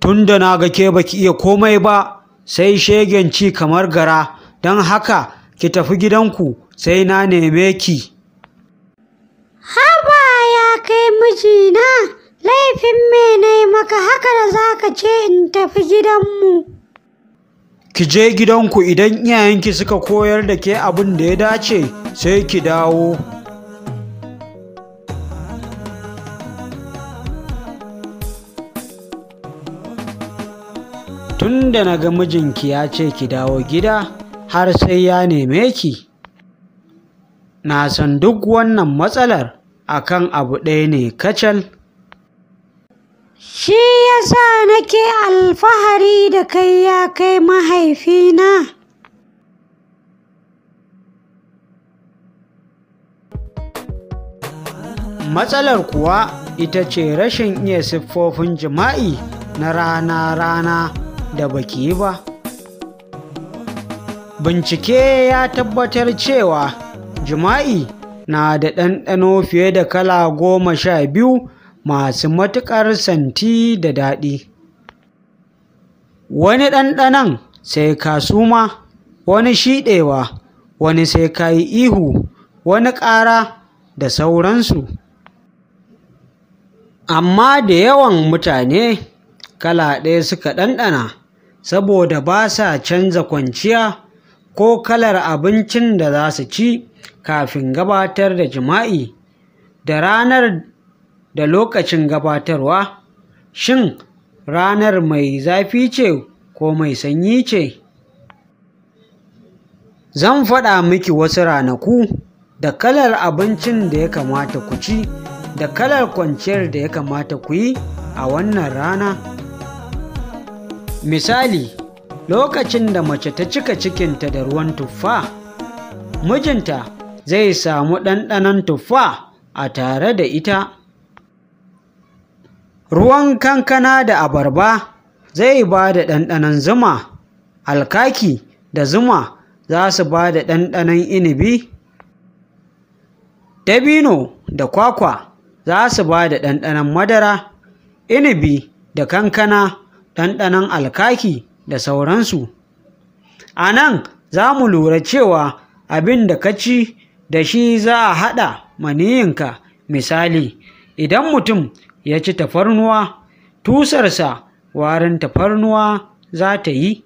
tunda na ga ke baki iya komai ba sai shegen ci kamar gara don haka ki tafi gidanku sai na neme ki haba ya kai mijina laifin mene maka haka da za ka ce in tafi gidanmu ki je gidanku idan iyayenki suka koyar da ke abin da ya dace sai ki dawo tun da na ga mijinki ya ce ki dawo gida har sai ya neme ki na san duk wannan matsalar akan abu ɗaya ne kacal shi yasa nake alfahari da kai ya kai mahaifina matsalar kuwa ita ce rashin iya siffofin jima'i na rana-rana da baki yi ba bincike ya tabbatar cewa jima'i na da ɗanɗano fiye da kala goma sha biyu masu matuƙar santi da daɗi wani ɗanɗanon sai ka suma wani shiɗewa wani sai ka yi ihu wani ƙara da sauransu amma da yawan mutane kala ɗaya suka ɗanɗana saboda ba sa canza kwanciya ko kalar abincin da za su ci kafin gabatar da jima'i da ranar da lokacin gabatarwa shin ranar mai zafi ce ko mai sanyi ce zan faɗa miki wasu ranaku da kalar abincin da ya kamata ku ci da kalar kwanciyar da ya kamata ku yi a wannan rana Misali, lokacin da mace ta cika cikinta da ruwan tuffa, mijinta zai samu ɗanɗanon tuffa a tare da ita. Ruwan kankana da abarba zai ba da ɗanɗanon zuma, alkaki da zuma za su ba da ɗanɗanon inibi, dabino da kwakwa za su ba da ɗanɗanon madara, inibi da kankana ɗanɗanon alkaki da sauransu a nan za mu lura cewa abin da ka ci da shi za a haɗa maniyinka misali idan mutum ya ci tafarnuwa tusarsa warin tafarnuwa za ta yi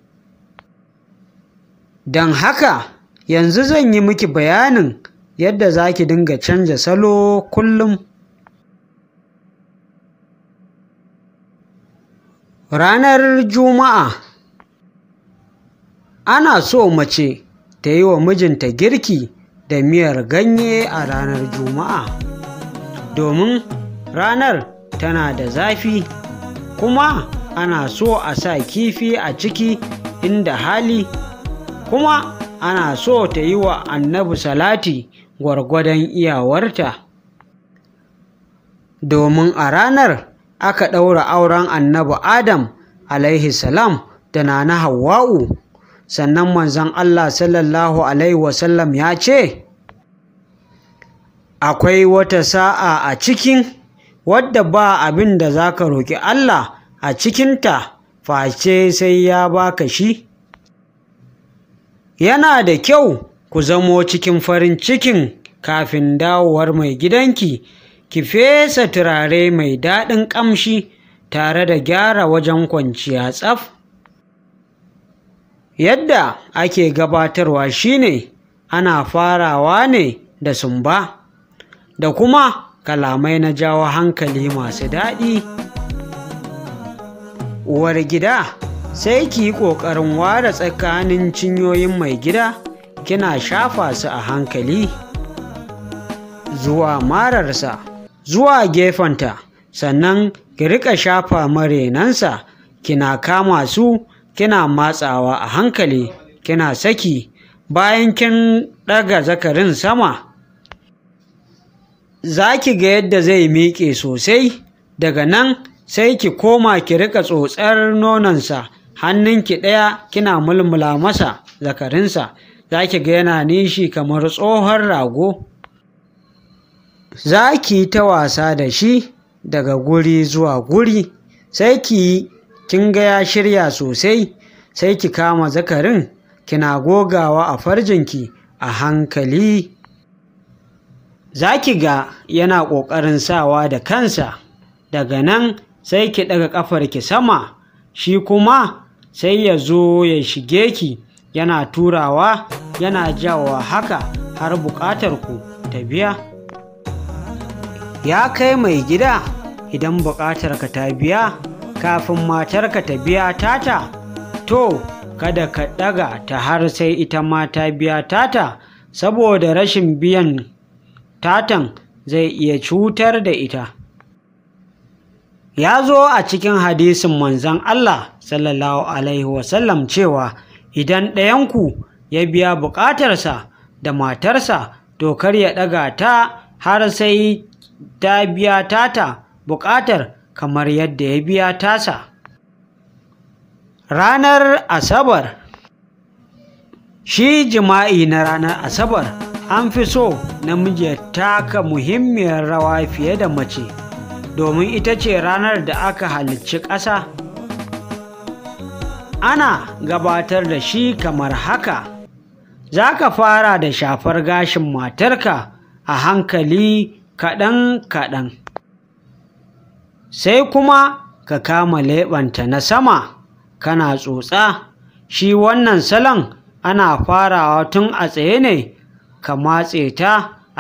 don haka yanzu zan yi miki bayanin yadda za ki dinga canja salo kullum Ranar Juma'a, ana so mace ta yi wa mijinta girki da miyar ganye a ranar Juma'a, domin ranar tana da zafi, kuma ana so a sa kifi a ciki inda hali, kuma ana so ta yi wa annabi salati gwargwadon iyawarta, domin a ranar aka ɗaura auren annabi adam alaihi salam da nana hawa'u sannan manzon allah sallallahu alaihi wasallam ya ce akwai wata sa'a a cikin wadda ba abin da za ka roƙi allah a cikinta face sai ya baka shi yana da kyau ku zamo cikin farin cikin kafin dawowar mai gidanki ki fesa turare mai daɗin ƙamshi tare da gyara wajen kwanciya tsaf yadda ake gabatarwa shine ana farawa ne da sumba da kuma kalamai na jawo hankali masu daɗi uwar gida sai ki yi ƙoƙarin ware tsakanin cinyoyin mai gida kina shafa su a hankali zuwa mararsa zuwa gefenta sannan ki riƙa shafa marenansa kina kama su kina matsawa a hankali kina saki bayan kin ɗaga zakarin sama za ki ga yadda zai miƙe sosai daga nan sai ki koma ki riƙa tsotsar hannun hannunki ɗaya kina mulmula masa zakarinsa za ki ga yana nishi kamar tsohon rago za ki ta wasa da shi daga guri zuwa guri sai ki kin ga ya shirya sosai sai ki kama zakarin kina gogawa a farjinki a hankali za ki ga yana ƙoƙarin sawa da kansa daga nan sai ki ɗaga ki sama shi kuma sai ya zo ya shige ki yana turawa yana jawa haka har buƙatar ku ta biya ya kai mai gida idan buƙatarka ta biya kafin matarka ta biya tata to kada ka ɗaga ta har sai ita ma ta biya tata saboda rashin biyan tatan zai iya cutar da ita ya zo a cikin hadisin manzon Allah sallallahu alaihi wasallam cewa idan ɗayanku ya biya buƙatarsa da matarsa to kar ya ɗaga ta har sai ta biya tata buƙatar kamar yadda ya biya tasa ranar asabar shi jima'i na ranar asabar an fi so namiji ya taka muhimmiyar rawa fiye da mace domin ita ce ranar da aka halicci ƙasa ana gabatar da shi kamar haka za ka fara da shafar gashin matarka a hankali kaɗan-kaɗan sai kuma ka kama leɓanta na sama kana tsotsa shi wannan salon ana farawa tun a tsaye ne ka matse ta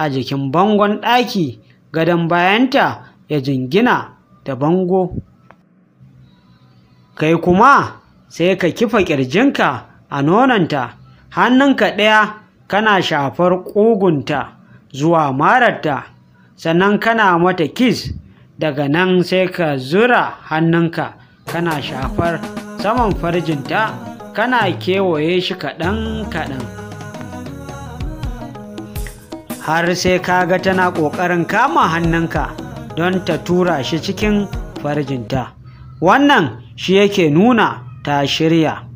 a jikin bangon ɗaki gadon bayanta ya jingina da bango kai kuma sai ka kifa ƙirjinka a nonanta hannunka ɗaya kana shafar ƙugunta zuwa mararta sannan kana mata kiss daga nan sai ka zura hannunka kana shafar saman farjinta kana kewaye shi kaɗan-kaɗan har sai kaga tana ƙoƙarin kama hannunka don ta tura shi cikin farjinta wannan shi yake nuna ta shirya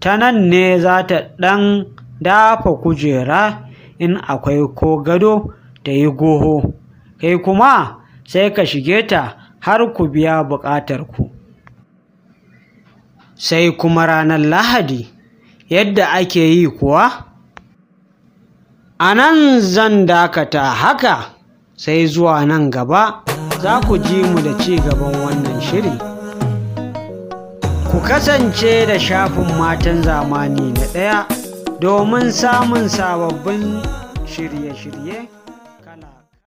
ta nan ne za ta ɗan dafa kujera in akwai ko gado ta yi goho kai kuma sai ka shige ta har ku biya buƙatar ku sai kuma ranar lahadi yadda ake yi kuwa a nan zan dakata haka sai zuwa nan gaba za ku ji mu da ci gaban wannan shiri ku kasance da shafin matan zamani na ɗaya domin samun sababbin shirye-shirye